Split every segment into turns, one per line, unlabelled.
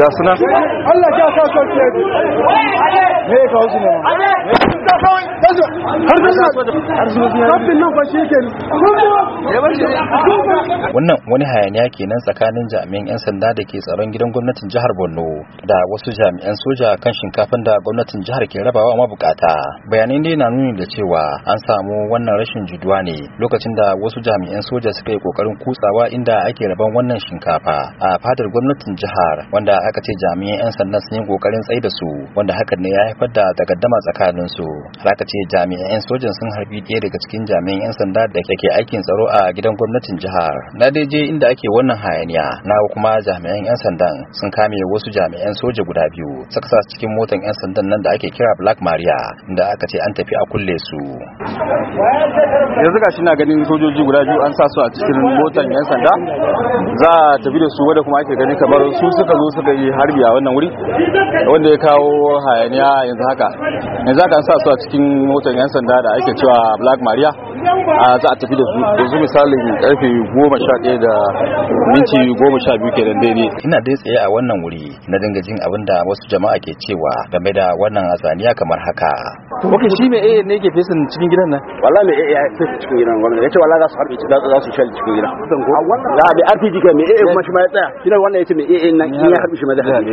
جاسنا الله جاسنا
wannan wani hayaniya kenan tsakanin jami'an 'yan sanda da ke tsaron gidan gwamnatin jihar borno da wasu jami'an soja kan shinkafin da gwamnatin jihar ke rabawa mabukata bayanai dai na nuni da cewa an samu wannan rashin juduwa ne lokacin da wasu jami'an soja suka yi kokarin kutsawa inda ake raban wannan shinkafa a fadar gwamnatin jihar wanda aka ce jami'an 'yan sanda sun yi kokarin da su wanda hakan ne ya haifar da takaddama tsakanin su haraka ce jami'an sojan sun harbi ɗaya daga cikin jami'an 'yan sanda da ke aikin tsaro a gidan gwamnatin jihar na daidai inda ake wannan hayaniya na kuma jami'an 'yan sandan sun kame wasu jami'an soja guda biyu suka sa cikin motan 'yan sandan nan da ake kira black maria da aka ce an tafi a kulle su yanzu gashi na ganin sojoji guda biyu an sa su a cikin motan 'yan sanda za a tafi da su wanda kuma ake gani kamar su suka zo suka yi harbi a wannan wuri wanda ya kawo hayaniya yanzu haka yanzu haka sa su a cikin motar yan sanda da ake cewa black maria a za a tafi da su yanzu misalin karfe goma sha da minti goma sha biyu kenan ina dai tsaye a wannan wuri na dinga jin abin da wasu jama'a ke cewa game da wannan hatsaniya kamar haka Ok, shi mai AA ne ke fesin cikin gidan nan? Wala mai ya fesin cikin gidan gwamnati. Ya ce wala za su harbi za su shal
cikin gidan. A za a bi RPG kai mai AA kuma shi ma ya tsaya. Shi wannan ya ce mai nan in harbi shi ma zai harbi.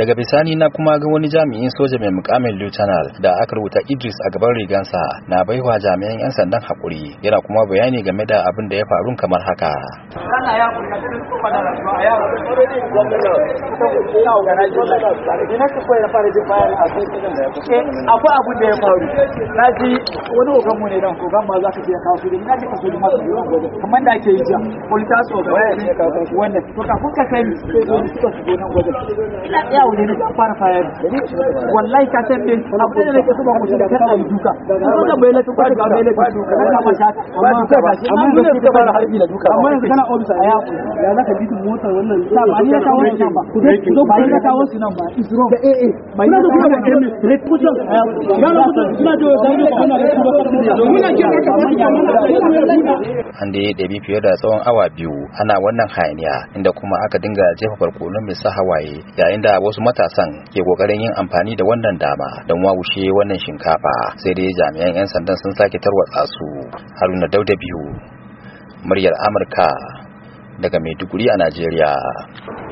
daga bisani na kuma ga wani jami'in soja mai mukamin lieutenant da aka rubuta idris a gaban rigansa na baiwa jami'an 'yan sandan hakuri yana kuma bayani game da abin da ya faru kamar haka
akwai ya aure na fara wallahi ka duka sha amma amma ne fara harbi da duka amma yanzu kana ya ya zaka bi ta ba ni ku ya da eh eh ba ni da ya na da kana da ka
an da ya ɗabi fiye da tsawon awa biyu ana wannan hayaniya inda kuma aka dinga jefa barkonon mai sa hawaye yayin da wasu wasu matasan ke kokarin yin amfani da wannan dama don wawushe wannan shinkafa sai dai jami'an 'yan sandan sun sake tarwatsa su haruna dauda biyu muryar amurka daga maiduguri a najeriya